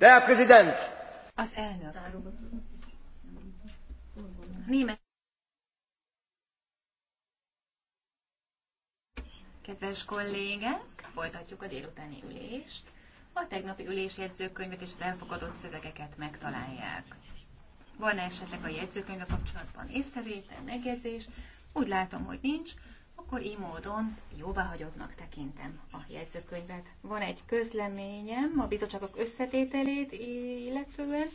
De a prezident! Az elnök. Német. Kedves kollégák, folytatjuk a délutáni ülést. A tegnapi ülésjegyzőkönyvet és az elfogadott szövegeket megtalálják. Van -e esetleg a jegyzőkönyve kapcsolatban észrevétel, megjegyzés? Úgy látom, hogy nincs akkor így módon jóváhagyottnak tekintem a jegyzőkönyvet. Van egy közleményem a bizottságok összetételét illetően.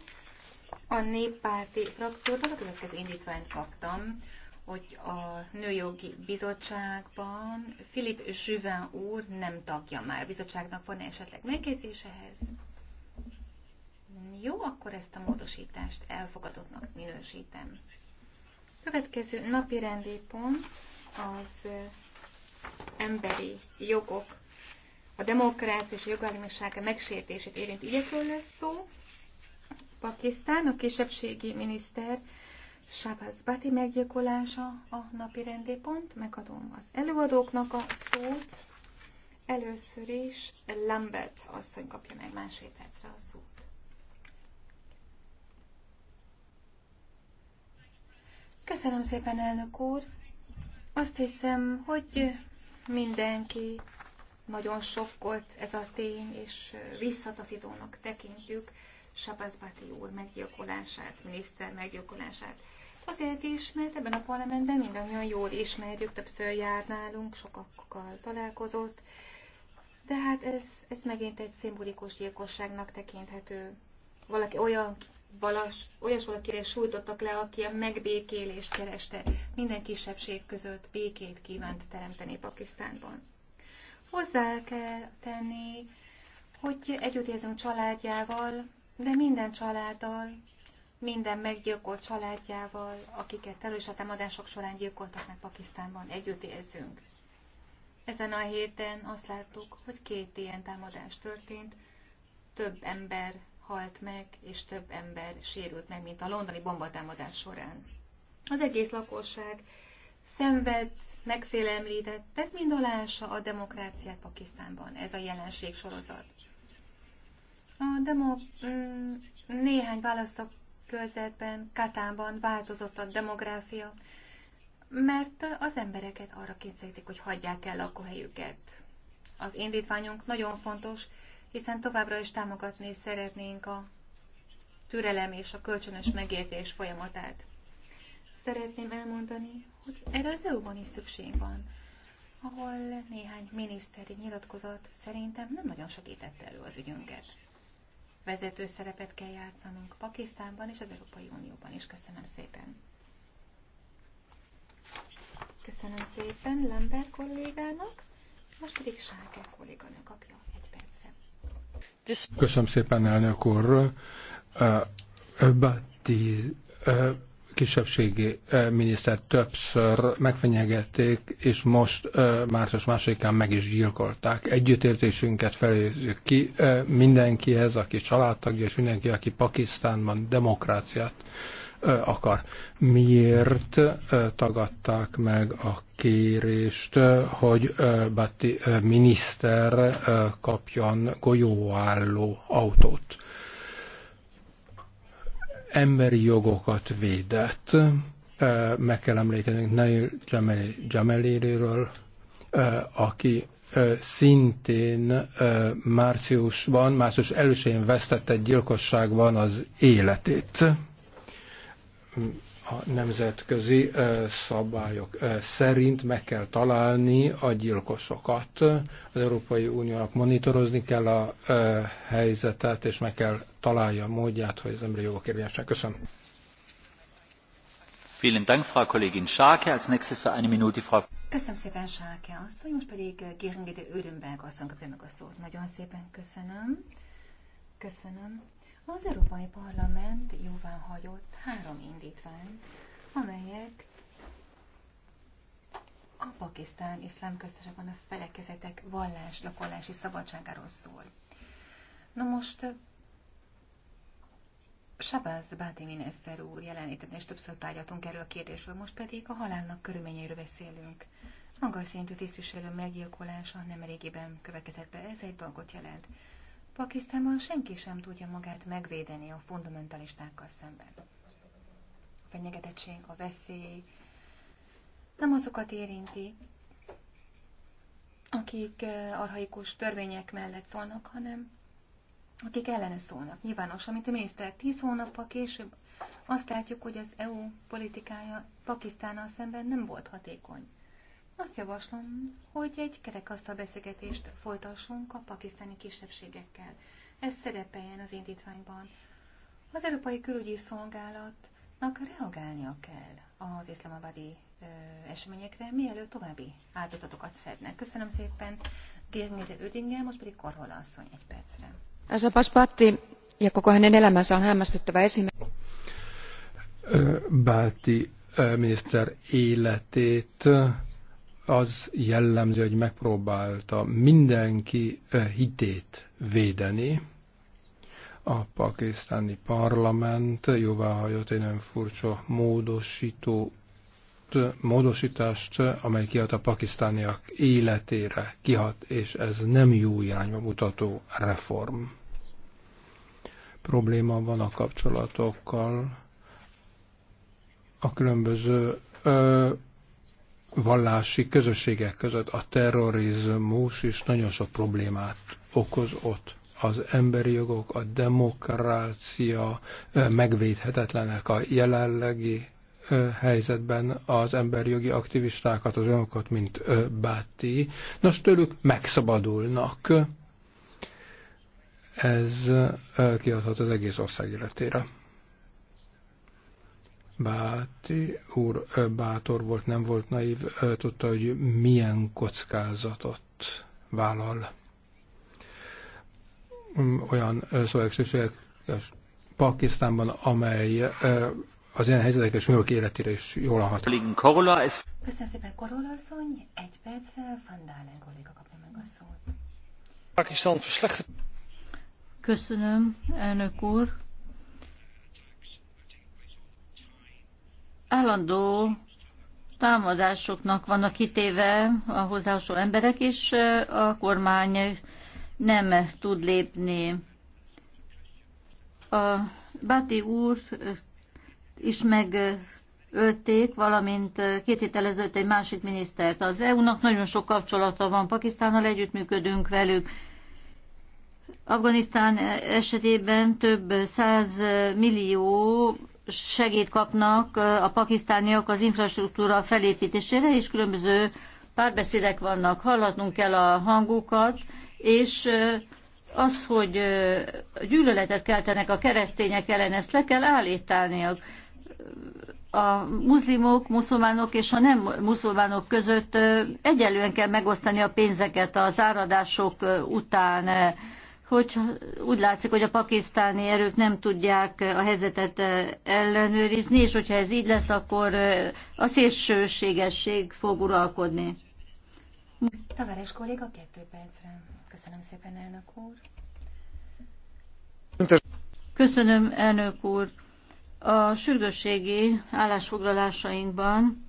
A néppárti frakciótól a következő indítványt kaptam, hogy a Nőjogi Bizottságban Filip Zsüven úr nem tagja már. A bizottságnak van -e esetleg megjegyzésehez? Jó, akkor ezt a módosítást elfogadottnak minősítem. Következő napi rendi pont az emberi jogok, a demokrácia és a jogállamisága megsértését érint ügyekről lesz szó. Pakisztán, a kisebbségi miniszter Shabazz Bati meggyilkolása a napi rendépont. Megadom az előadóknak a szót. Először is Lambert asszony kapja meg másfél percre a szót. Köszönöm szépen, elnök úr! Azt hiszem, hogy mindenki nagyon sokkolt ez a tény, és visszataszítónak tekintjük Sabazbati úr meggyilkolását, miniszter meggyilkolását. Azért is, mert ebben a parlamentben mindannyian jól ismerjük, többször jár nálunk, sokakkal találkozott, de hát ez, ez megint egy szimbolikus gyilkosságnak tekinthető. Valaki olyan, valas, olyas valakire sújtottak le, aki a megbékélést kereste minden kisebbség között békét kívánt teremteni Pakisztánban. Hozzá kell tenni, hogy együtt érzünk családjával, de minden családdal, minden meggyilkolt családjával, akiket a támadások során gyilkoltak meg Pakisztánban, együtt érzünk. Ezen a héten azt láttuk, hogy két ilyen támadás történt, több ember halt meg, és több ember sérült meg, mint a londoni bombatámadás során. Az egész lakosság szenved, megfélemlített. Ez mind alása a demokráciát Pakisztánban, ez a jelenség sorozat. A demo néhány választok körzetben, Katánban változott a demográfia, mert az embereket arra kényszerítik, hogy hagyják el lakóhelyüket. Az indítványunk nagyon fontos, hiszen továbbra is támogatni szeretnénk a türelem és a kölcsönös megértés folyamatát szeretném elmondani, hogy erre az EU-ban is szükség van, ahol néhány miniszteri nyilatkozat szerintem nem nagyon segítette elő az ügyünket. Vezető szerepet kell játszanunk Pakisztánban és az Európai Unióban is. Köszönöm szépen! Köszönöm szépen Lember kollégának, most pedig Sáker kolléganő kapja egy percre. Köszönöm szépen, elnök úr. Uh, Batti, uh, kisebbségi miniszter többször megfenyegették, és most március másodikán meg is gyilkolták. Együttérzésünket felézzük ki mindenkihez, aki családtagja, és mindenki, aki Pakisztánban demokráciát akar. Miért tagadták meg a kérést, hogy Batti miniszter kapjon golyóálló autót? emberi jogokat védett. Meg kell emlékeznünk Neil Jameliről, aki szintén márciusban, március elsőjén vesztette gyilkosságban az életét a nemzetközi szabályok szerint meg kell találni a gyilkosokat. Az Európai Uniónak monitorozni kell a helyzetet, és meg kell találja a módját, hogy az emberi jogok érvényesek. Köszönöm. Köszönöm szépen, Sáke asszony, most pedig Géringéde Őrönberg asszony kapja meg a szót. Nagyon szépen köszönöm. Köszönöm. Az Európai Parlament jóvá hagyott három indítványt, amelyek a Pakisztán iszlám köztesebben a felekezetek vallás, lakolási szabadságáról szól. Na most eh, Sabáz Báti miniszter úr jelenlétetnél, és többször tárgyaltunk erről a kérdésről, most pedig a halálnak körülményeiről beszélünk. Magas szintű tisztviselő meggyilkolása nem elégében következett be, ez egy dolgot jelent. Pakisztánban senki sem tudja magát megvédeni a fundamentalistákkal szemben. A fenyegetettség, a veszély nem azokat érinti, akik eh, arhaikus törvények mellett szólnak, hanem akik ellene szólnak. Nyilvános, amit a miniszter tíz hónappal később azt látjuk, hogy az EU politikája Pakisztánnal szemben nem volt hatékony. Azt javaslom, hogy egy kerekasztal beszélgetést folytassunk a pakisztáni kisebbségekkel. Ez szerepeljen az indítványban. Az Európai Külügyi Szolgálatnak reagálnia kell az iszlamabadi ö, eseményekre, mielőtt további áldozatokat szednek. Köszönöm szépen Gérnyide Ödinge, most pedig Korhola asszony egy percre. Ez a paspatti ja koko hänen elämänsä on hämmästyttävä esimerkki. Bálti miniszter életét az jellemző, hogy megpróbálta mindenki hitét védeni. A pakisztáni parlament jóváhagyott egy nagyon furcsa módosító módosítást, amely kihat a pakisztániak életére kihat, és ez nem jó irányba mutató reform. Probléma van a kapcsolatokkal, a különböző ö, vallási közösségek között. A terrorizmus is nagyon sok problémát okoz ott. Az emberi jogok, a demokrácia megvédhetetlenek a jelenlegi helyzetben az emberi jogi aktivistákat, az önokat, mint Báti. Nos, tőlük megszabadulnak. Ez kiadhat az egész ország életére. Báti úr bátor volt, nem volt naív, tudta, hogy milyen kockázatot vállal. Mm, olyan szövegszükséges Pakisztánban, amely az ilyen helyzetekes nők életére is jól hat. Köszönöm szépen, Korola asszony. Egy percre Van Dalen kolléga kapja meg a szót. Pakisztán Köszönöm, elnök úr. állandó támadásoknak vannak kitéve a hozzáhasó emberek, és a kormány nem tud lépni. A Báti úr is megölték, valamint két héttel ezelőtt egy másik minisztert. Az EU-nak nagyon sok kapcsolata van Pakisztánnal, együttműködünk velük. Afganisztán esetében több száz millió segít kapnak a pakisztániak az infrastruktúra felépítésére, és különböző párbeszédek vannak, hallatnunk kell a hangukat, és az, hogy gyűlöletet keltenek a keresztények ellen, ezt le kell állítaniak. A muzlimok, muszulmánok és a nem muszulmánok között egyelően kell megosztani a pénzeket az áradások után hogy úgy látszik, hogy a pakisztáni erők nem tudják a helyzetet eh, ellenőrizni, és hogyha ez így lesz, akkor eh, a szélsőségesség fog uralkodni. Tavares kolléga, kettő percre. Köszönöm szépen, elnök úr. Köszönöm, elnök úr. A sürgősségi állásfoglalásainkban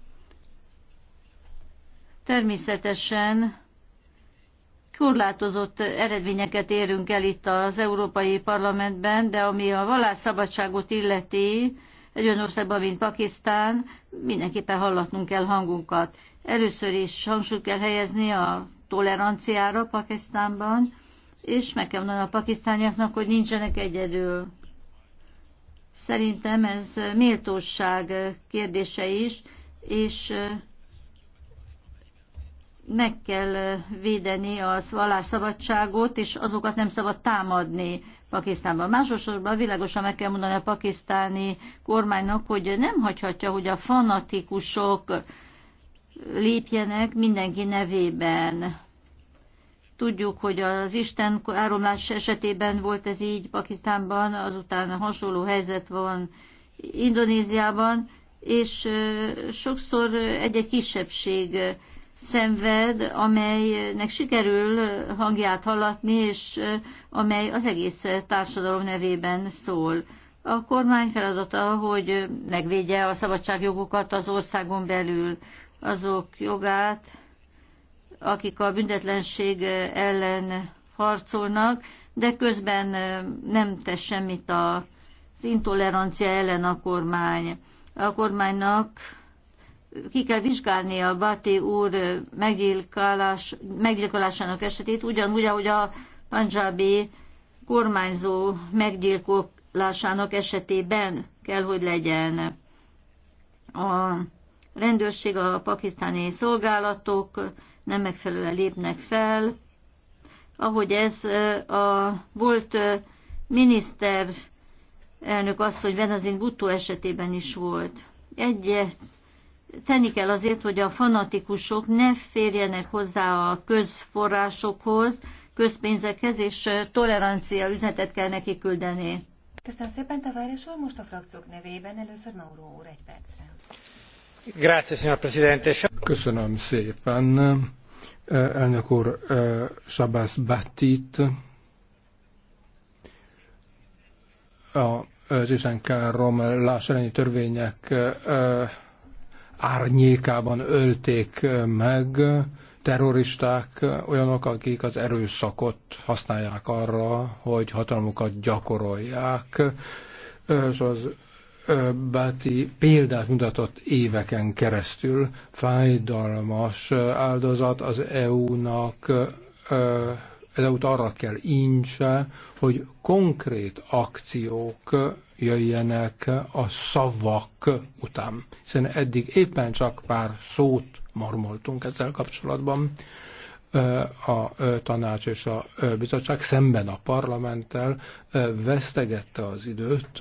természetesen korlátozott eredményeket érünk el itt az Európai Parlamentben, de ami a vallásszabadságot illeti, egy olyan országban, mint Pakisztán, mindenképpen hallatnunk kell hangunkat. Először is hangsúlyt kell helyezni a toleranciára Pakisztánban, és meg kell mondani a pakisztániaknak, hogy nincsenek egyedül. Szerintem ez méltóság kérdése is, és meg kell védeni a vallásszabadságot, és azokat nem szabad támadni Pakisztánban. Másosorban világosan meg kell mondani a pakisztáni kormánynak, hogy nem hagyhatja, hogy a fanatikusok lépjenek mindenki nevében. Tudjuk, hogy az Isten áromlás esetében volt ez így Pakisztánban, azután hasonló helyzet van Indonéziában, és sokszor egy-egy kisebbség szenved, amelynek sikerül hangját hallatni, és amely az egész társadalom nevében szól. A kormány feladata, hogy megvédje a szabadságjogokat az országon belül, azok jogát, akik a büntetlenség ellen harcolnak, de közben nem tesz semmit az intolerancia ellen a kormány. A kormánynak ki kell vizsgálni a Bati úr meggyilkolás, meggyilkolásának esetét, ugyanúgy, ahogy a panjabi kormányzó meggyilkolásának esetében kell, hogy legyen. A rendőrség, a pakisztáni szolgálatok nem megfelelően lépnek fel, ahogy ez a volt miniszter elnök asszony Benazin Butó esetében is volt. Egyet tenni kell azért, hogy a fanatikusok ne férjenek hozzá a közforrásokhoz, közpénzekhez, és tolerancia üzenetet kell neki küldeni. Köszönöm szépen, Tavares úr, most a frakciók nevében először Mauro úr egy percre. Grazie, signor Presidente. Köszönöm szépen, elnök úr Sabás Battit. A 13 lássányi törvények árnyékában ölték meg terroristák, olyanok, akik az erőszakot használják arra, hogy hatalmukat gyakorolják, és az Báti példát mutatott éveken keresztül. Fájdalmas áldozat az EU-nak, az EU-t arra kell incse, hogy konkrét akciók jöjjenek a szavak után, hiszen eddig éppen csak pár szót marmoltunk ezzel kapcsolatban a tanács és a bizottság szemben a parlamenttel vesztegette az időt,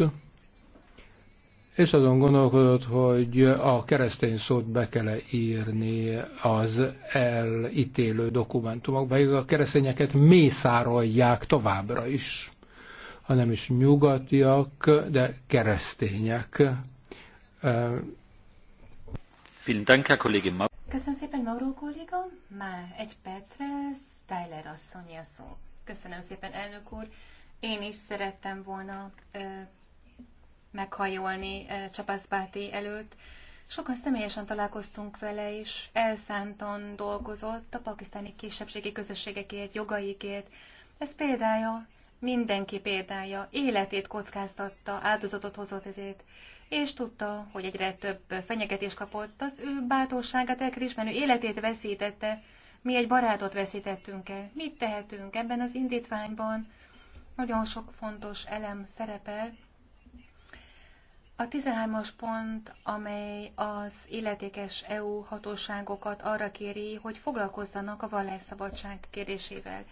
és azon gondolkodott, hogy a keresztény szót be kell -e írni az elítélő dokumentumokba, a keresztényeket mészárolják továbbra is hanem is nyugatiak, de keresztények. Köszönöm szépen, Mauro kolléga. Már egy percre Tyler asszony a szó. Köszönöm szépen, elnök úr. Én is szerettem volna ö, meghajolni ö, Csapászpáti előtt. Sokan személyesen találkoztunk vele, és elszántan dolgozott a pakisztáni kisebbségi közösségekért, jogaikért. Ez példája Mindenki példája életét kockáztatta, áldozatot hozott ezért, és tudta, hogy egyre több fenyegetést kapott, az ő bátorságát elkerismerő életét veszítette, mi egy barátot veszítettünk el. Mit tehetünk ebben az indítványban? Nagyon sok fontos elem szerepel, a 13-as pont, amely az illetékes EU hatóságokat arra kéri, hogy foglalkozzanak a vallásszabadság kérdésével.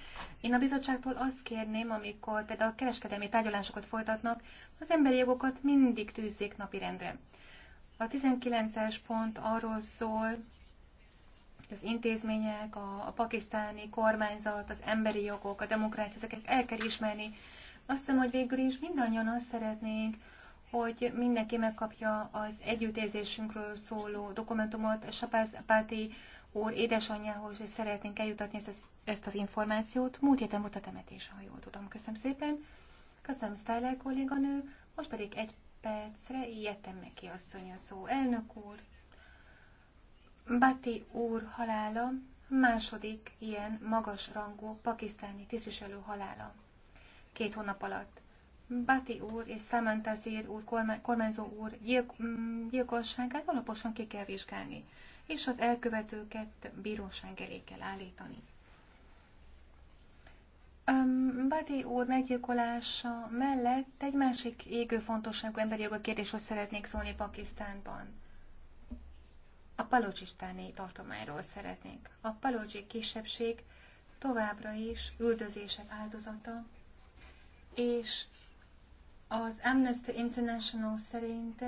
Én a bizottságtól azt kérném, amikor például a kereskedelmi tárgyalásokat folytatnak, az emberi jogokat mindig tűzzék napirendre. A 19-es pont arról szól, hogy az intézmények, a, a pakisztáni kormányzat, az emberi jogok, a demokrácia, ezeket el kell ismerni. Azt hiszem, hogy végül is mindannyian azt szeretnénk, hogy mindenki megkapja az együttérzésünkről szóló dokumentumot. Sapáz Páti úr édesanyjához és szeretnénk eljutatni ezt, ezt az információt. Múlt héten volt a temetés, ha jól tudom. Köszönöm szépen. Köszönöm, Styler kolléganő. Most pedig egy percre ijedtem neki asszony a szó. Elnök úr, Bati úr halála második ilyen magas rangú pakisztáni tisztviselő halála két hónap alatt. Bati úr és Számantazír úr, kormányzó úr gyilk, mm, gyilkosságát alaposan ki kell vizsgálni, és az elkövetőket bíróság elé kell állítani. Bati úr meggyilkolása mellett egy másik égő fontosságú emberi jogok kérdéshoz szeretnék szólni Pakisztánban. A palocsistáni tartományról szeretnék. A palocsi kisebbség továbbra is üldözések áldozata, és az Amnesty International szerint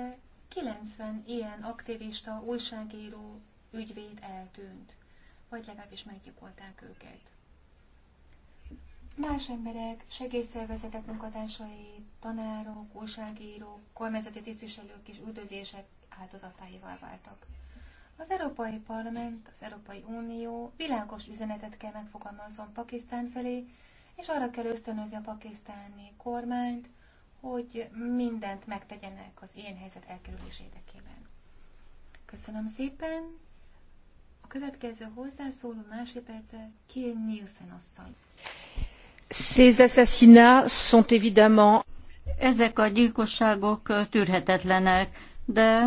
90 ilyen aktivista, újságíró, ügyvéd eltűnt, vagy legalábbis meggyilkolták őket. Más emberek, segélyszervezetek munkatársai, tanárok, újságírók, kormányzati tisztviselők is üldözések áldozatáivá váltak. Az Európai Parlament, az Európai Unió világos üzenetet kell megfogalmazzon Pakisztán felé, és arra kell ösztönözni a pakisztáni kormányt, hogy mindent megtegyenek az ilyen helyzet elkerülés érdekében. Köszönöm szépen. A következő hozzászóló másodperce Kill Nielsen asszony. Ces assassinats sont évidemment ezek a gyilkosságok tűrhetetlenek, de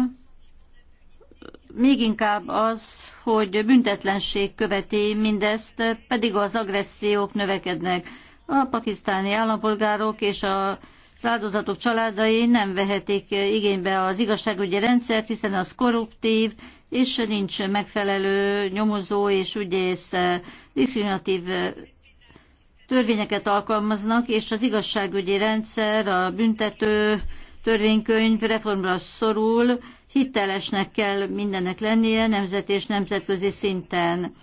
még inkább az, hogy büntetlenség követi mindezt, pedig az agressziók növekednek. A pakisztáni állampolgárok és a az áldozatok családai nem vehetik igénybe az igazságügyi rendszert, hiszen az korruptív, és nincs megfelelő nyomozó és ügyész eh, diszkriminatív eh, törvényeket alkalmaznak, és az igazságügyi rendszer, a büntető törvénykönyv reformra szorul, hitelesnek kell mindennek lennie nemzet és nemzetközi szinten.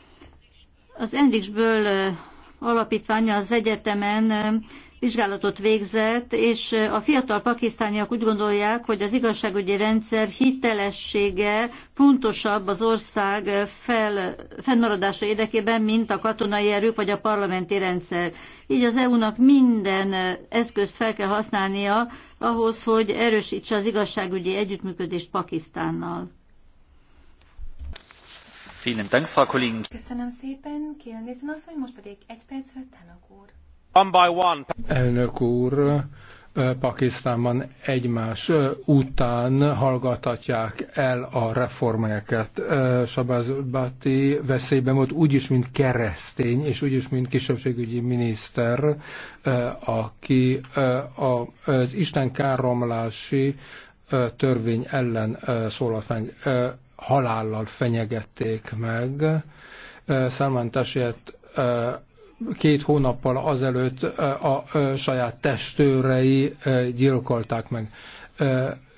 Az Enriksből eh, alapítványa az egyetemen vizsgálatot végzett, és a fiatal pakisztániak úgy gondolják, hogy az igazságügyi rendszer hitelessége fontosabb az ország fel, fennmaradása érdekében, mint a katonai erők vagy a parlamenti rendszer. Így az EU-nak minden eszközt fel kell használnia ahhoz, hogy erősítse az igazságügyi együttműködést Pakisztánnal. Köszönöm szépen, kérdezem azt, hogy most pedig egy percre Tanok úr. Elnök úr, Pakisztánban egymás után hallgatatják el a reformeket. Sabaz Bati veszélyben volt úgyis, mint keresztény, és úgyis, mint kisebbségügyi miniszter, aki az Isten káromlási törvény ellen szólalt fel, halállal fenyegették meg. Salman Tashiet két hónappal azelőtt a saját testőrei gyilkolták meg.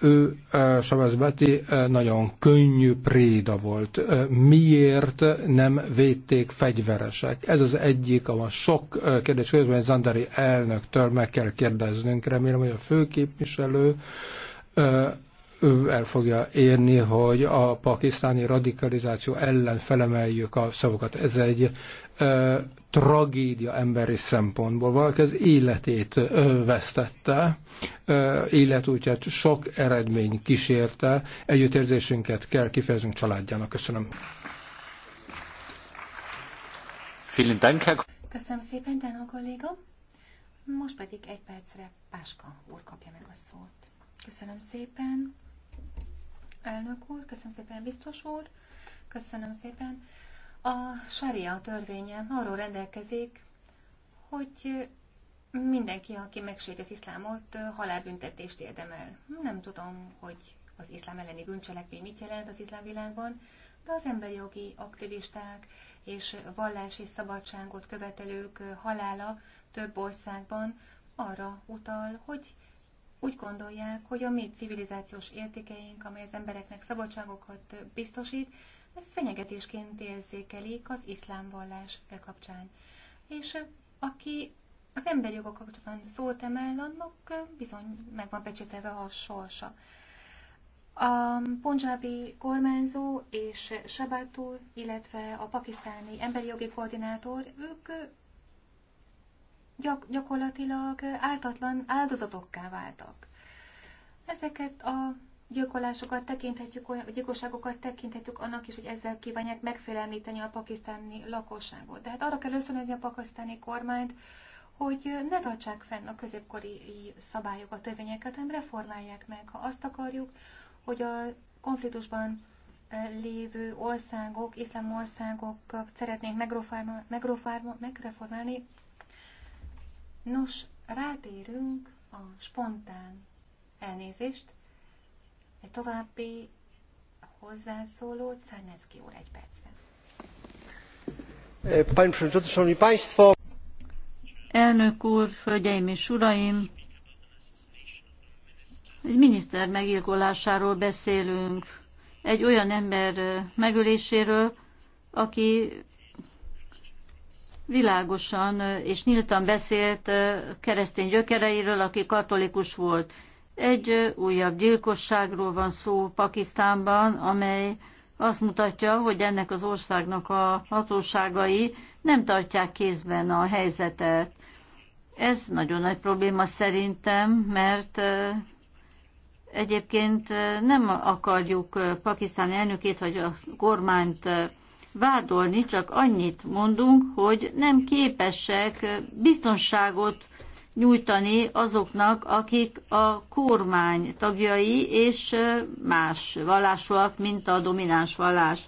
Ő, Sabez Beti, nagyon könnyű préda volt. Miért nem védték fegyveresek? Ez az egyik, a sok kérdés közben Zandari elnöktől meg kell kérdeznünk. Remélem, hogy a főképviselő ő el fogja érni, hogy a pakisztáni radikalizáció ellen felemeljük a szavakat. Ez egy ö, tragédia emberi szempontból. Valaki az életét ö, vesztette, ö, életútját sok eredmény kísérte, együttérzésünket kell kifejezünk családjának. Köszönöm. Köszönöm szépen, Dánó kolléga. Most pedig egy percre Páska úr kapja meg a szót. Köszönöm szépen, elnök úr, köszönöm szépen, biztos úr, köszönöm szépen. A saria törvénye arról rendelkezik, hogy mindenki, aki megsérti az iszlámot, halálbüntetést érdemel. Nem tudom, hogy az iszlám elleni bűncselekmény mit jelent az iszlám világban, de az emberi jogi aktivisták és vallási szabadságot követelők halála több országban arra utal, hogy úgy gondolják, hogy a mi civilizációs értékeink, amely az embereknek szabadságokat biztosít, ezt fenyegetésként érzékelik az iszlám vallás kapcsán. És aki az emberi jogok kapcsolatban szót emel, annak bizony meg van becsételve a sorsa. A punjabi kormányzó és Sabatul, illetve a pakisztáni emberi jogi koordinátor, ők gyak, gyakorlatilag ártatlan áldozatokká váltak. Ezeket a gyilkolásokat tekinthetjük, olyan, gyilkosságokat tekinthetjük annak is, hogy ezzel kívánják megfélemlíteni a pakisztáni lakosságot. De hát arra kell összönözni a pakisztáni kormányt, hogy ne tartsák fenn a középkori szabályokat, törvényeket, hanem reformálják meg. Ha azt akarjuk, hogy a konfliktusban eh, lévő országok, iszlám országok szeretnénk megreformálni, nos, rátérünk a spontán elnézést, egy további hozzászóló, Czarnecki úr, egy percben. E, panie Przewodniczący, Państwo! Elnök úr, hölgyeim és uraim! Egy miniszter megilkolásáról beszélünk, egy olyan ember e, megöléséről, aki világosan e, és nyíltan beszélt keresztény gyökereiről, aki katolikus volt. Egy újabb gyilkosságról van szó Pakisztánban, amely azt mutatja, hogy ennek az országnak a hatóságai nem tartják kézben a helyzetet. Ez nagyon nagy probléma szerintem, mert egyébként nem akarjuk Pakisztáni elnökét vagy a kormányt vádolni, csak annyit mondunk, hogy nem képesek biztonságot nyújtani azoknak, akik a kormány tagjai és más vallásúak, mint a domináns vallás.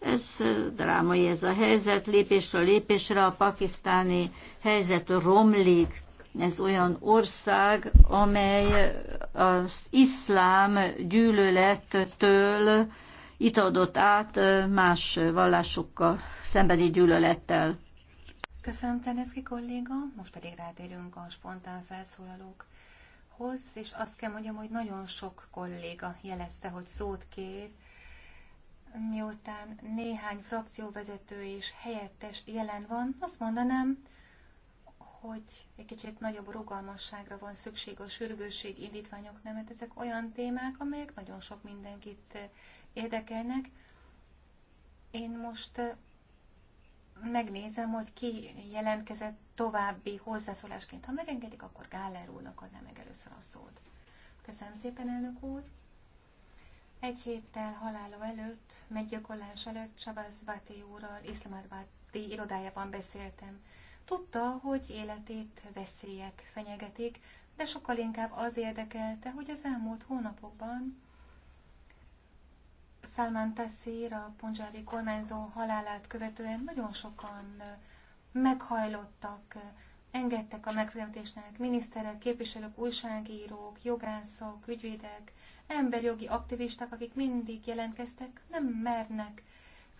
Ez drámai ez a helyzet, lépésről lépésre a pakisztáni helyzet romlik. Ez olyan ország, amely az iszlám gyűlölettől itt adott át más vallásokkal szembeni gyűlölettel. Köszönöm, Teneszki kolléga. Most pedig rátérünk a spontán felszólalókhoz, és azt kell mondjam, hogy nagyon sok kolléga jelezte, hogy szót kér, miután néhány frakcióvezető és helyettes jelen van, azt mondanám, hogy egy kicsit nagyobb rugalmasságra van szükség a sürgősség nem, mert ezek olyan témák, amelyek nagyon sok mindenkit érdekelnek. Én most megnézem, hogy ki jelentkezett további hozzászólásként. Ha megengedik, akkor Gáller úrnak adná meg először a szót. Köszönöm szépen, elnök úr! Egy héttel halála előtt, meggyilkolás előtt Sabaz Bati úrral Iszlamabadi irodájában beszéltem. Tudta, hogy életét veszélyek fenyegetik, de sokkal inkább az érdekelte, hogy az elmúlt hónapokban Salman Tassir, a punjabi kormányzó halálát követően nagyon sokan meghajlottak, engedtek a megfélemlítésnek miniszterek, képviselők, újságírók, jogászok, ügyvédek, emberjogi aktivisták, akik mindig jelentkeztek, nem mernek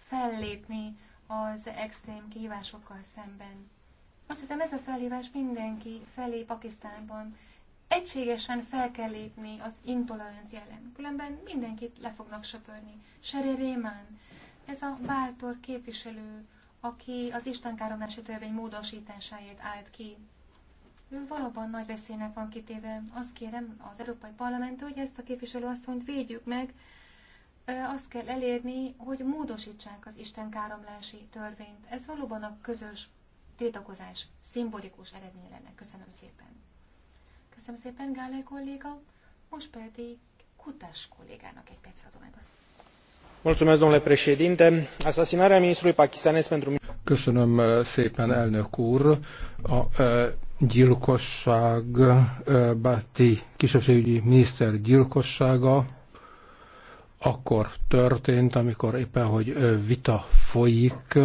fellépni az extrém kihívásokkal szemben. Azt hiszem ez a felhívás mindenki felé Pakisztánban, egységesen fel kell lépni az intolerancia ellen, különben mindenkit le fognak söpörni. Sere Rémán, ez a bátor képviselő, aki az istenkáromlási törvény módosításáért állt ki. Ő valóban nagy veszélynek van kitéve. Azt kérem az Európai Parlamenttől, hogy ezt a képviselőasszonyt védjük meg. Azt kell elérni, hogy módosítsák az istenkáromlási törvényt. Ez valóban a közös tétakozás szimbolikus eredménye lenne. Köszönöm szépen. Köszönöm szépen, Gále kolléga. Most pedig Kutas kollégának egy perc adom meg azt. Mulțumesc, domnule președinte. Asasinarea ministrului pakistanez pentru... Köszönöm eh, szépen, elnök úr. A e, gyilkosság, eh, Báti kisebbségügyi miniszter gyilkossága akkor történt, amikor éppen, hogy vita folyik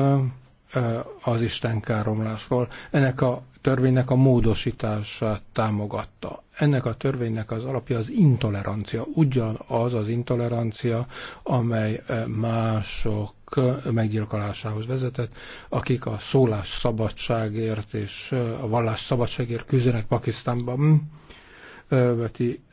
az káromlásról. Ennek a törvénynek a módosítását támogatta. Ennek a törvénynek az alapja az intolerancia. Ugyanaz az intolerancia, amely eh, mások eh, meggyilkolásához vezetett, akik a szólás szabadságért és eh, a vallás szabadságért küzdenek Pakisztánban. Veti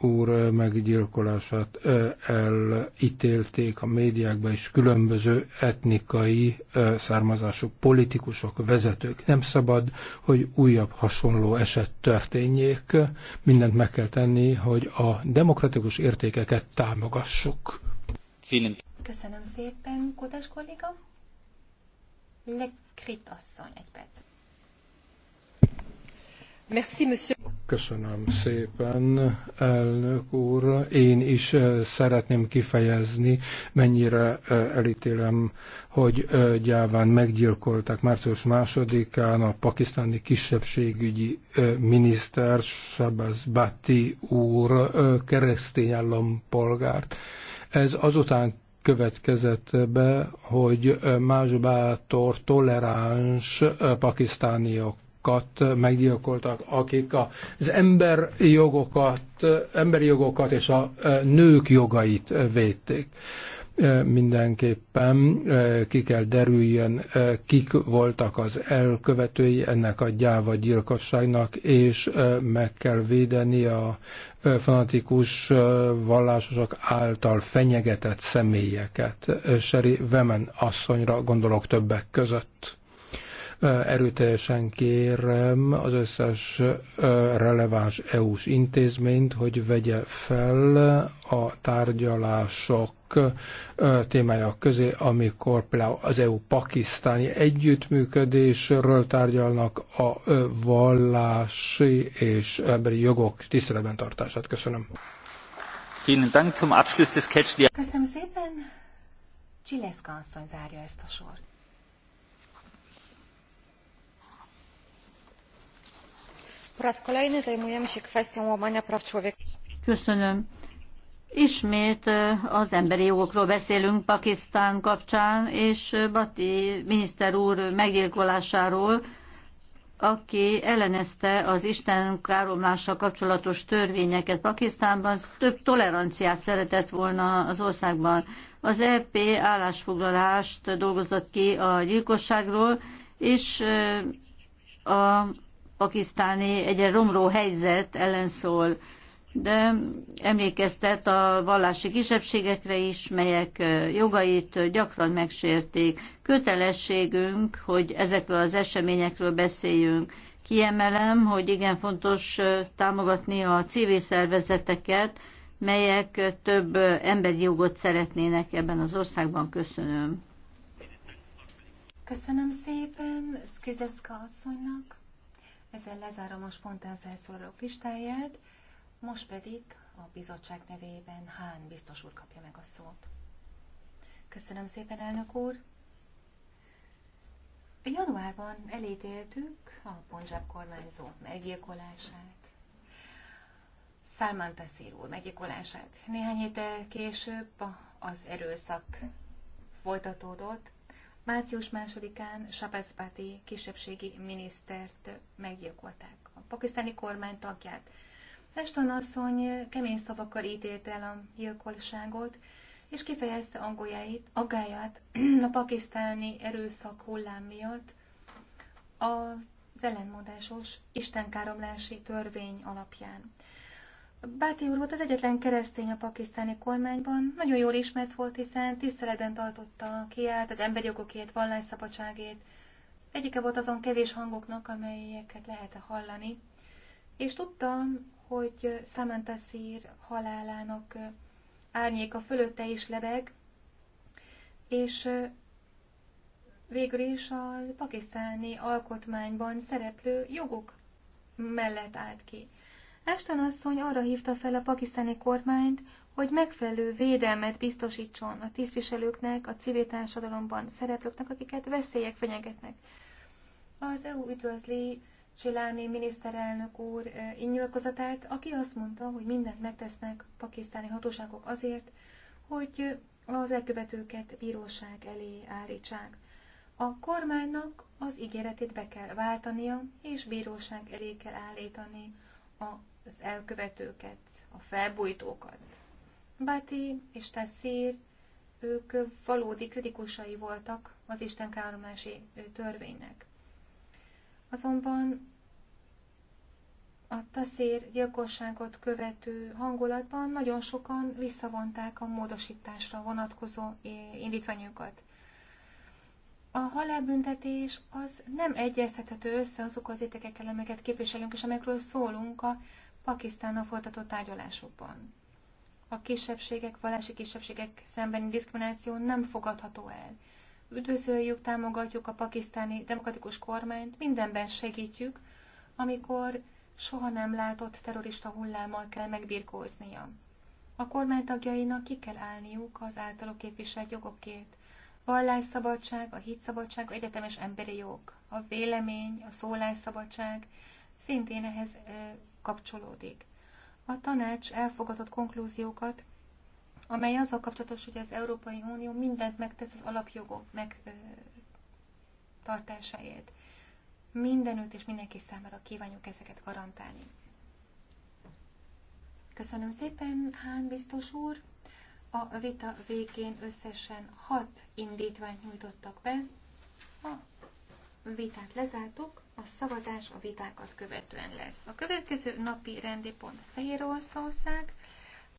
úr meggyilkolását elítélték a médiákban, is különböző etnikai származású politikusok, vezetők. Nem szabad, hogy újabb hasonló eset történjék. Mindent meg kell tenni, hogy a demokratikus értékeket támogassuk. Köszönöm szépen, kutas kolléga. Lekrit asszony, egy perc. Köszönöm szépen, elnök úr. Én is szeretném kifejezni, mennyire elítélem, hogy gyáván meggyilkolták március másodikán a pakisztáni kisebbségügyi miniszter Shabaz Bhatti úr keresztény állampolgárt. Ez azután következett be, hogy más bátor, toleráns pakisztániak azokat meggyilkoltak, akik az jogokat, emberi jogokat és a e, nők jogait e, védték. E, mindenképpen ki kell derüljön, kik voltak az elkövetői ennek a gyáva gyilkosságnak, és meg kell védeni a fanatikus vallásosok által fenyegetett személyeket. Seri Vemen asszonyra gondolok többek között. Erőteljesen kérem az összes releváns EU-s intézményt, hogy vegye fel a tárgyalások témája közé, amikor például az EU-pakisztáni együttműködésről tárgyalnak a vallási és emberi jogok tiszteletben tartását. Köszönöm. Köszönöm szépen. Csileszka asszony zárja ezt a sort. Köszönöm. Ismét eh, az emberi jogokról beszélünk Pakisztán kapcsán, és eh, Bati miniszter úr meggyilkolásáról, aki ellenezte az Isten kapcsolatos törvényeket Pakisztánban, több toleranciát szeretett volna az országban. Az EP állásfoglalást dolgozott ki a gyilkosságról, és eh, a pakisztáni egyre romló helyzet ellen szól, de emlékeztet a vallási kisebbségekre is, melyek jogait gyakran megsérték. Kötelességünk, hogy ezekről az eseményekről beszéljünk. Kiemelem, hogy igen fontos támogatni a civil szervezeteket, melyek több emberi jogot szeretnének ebben az országban. Köszönöm. Köszönöm szépen Szkrizeszka asszonynak. Ezzel lezárom a spontán felszólalók listáját, most pedig a bizottság nevében Hán biztos úr kapja meg a szót. Köszönöm szépen, elnök úr! Januárban elítéltük a Punjab kormányzó meggyilkolását, Salman Tassir úr meggyilkolását. Néhány héttel később az erőszak folytatódott, Március másodikán Sabazpati kisebbségi minisztert meggyilkolták, a pakisztáni kormány tagját. Eston asszony kemény szavakkal ítélte el a gyilkosságot, és kifejezte angolyáit, agáját a pakisztáni erőszak hullám miatt az ellenmondásos istenkáromlási törvény alapján. Báti úr volt az egyetlen keresztény a pakisztáni kormányban, nagyon jól ismert volt, hiszen tiszteletben tartotta a kiált, az emberi jogokért, vallásszabadságért. Egyike volt azon kevés hangoknak, amelyeket lehet -e hallani. És tudtam, hogy Samantha Szír halálának árnyéka fölötte is lebeg, és végül is a pakisztáni alkotmányban szereplő jogok mellett állt ki. Ashton asszony arra hívta fel a pakisztáni kormányt, hogy megfelelő védelmet biztosítson a tisztviselőknek, a civil társadalomban szereplőknek, akiket veszélyek fenyegetnek. Az EU üdvözli Csiláni miniszterelnök úr innyilatkozatát, e, aki azt mondta, hogy mindent megtesznek pakisztáni hatóságok azért, hogy az elkövetőket bíróság elé állítsák. A kormánynak az ígéretét be kell váltania, és bíróság elé kell állítani a az elkövetőket, a felbújtókat. Bati és Tassir, ők valódi kritikusai voltak az Isten káromlási törvénynek. Azonban a taszér gyilkosságot követő hangulatban nagyon sokan visszavonták a módosításra vonatkozó eh, indítványukat. A halálbüntetés az nem egyeztethető össze azok az értékekkel, amiket képviselünk, és amikről szólunk a Pakisztánnal folytatott tárgyalásokban. A kisebbségek, vallási kisebbségek szembeni diszkrimináció nem fogadható el. Üdvözöljük, támogatjuk a pakisztáni demokratikus kormányt, mindenben segítjük, amikor soha nem látott terrorista hullámmal kell megbirkóznia. A kormány tagjainak ki kell állniuk az általuk képviselt jogokért. Vallásszabadság, a hitszabadság, a egyetemes emberi jog, a vélemény, a szólásszabadság szintén ehhez kapcsolódik. A tanács elfogadott konklúziókat, amely azzal kapcsolatos, hogy az Európai Unió mindent megtesz az alapjogok megtartásáért. Mindenütt és mindenki számára kívánjuk ezeket garantálni. Köszönöm szépen, Hán biztos úr! A vita végén összesen hat indítványt nyújtottak be. A vitát lezártuk, a szavazás a vitákat követően lesz. A következő napi rendi pont Fehérország,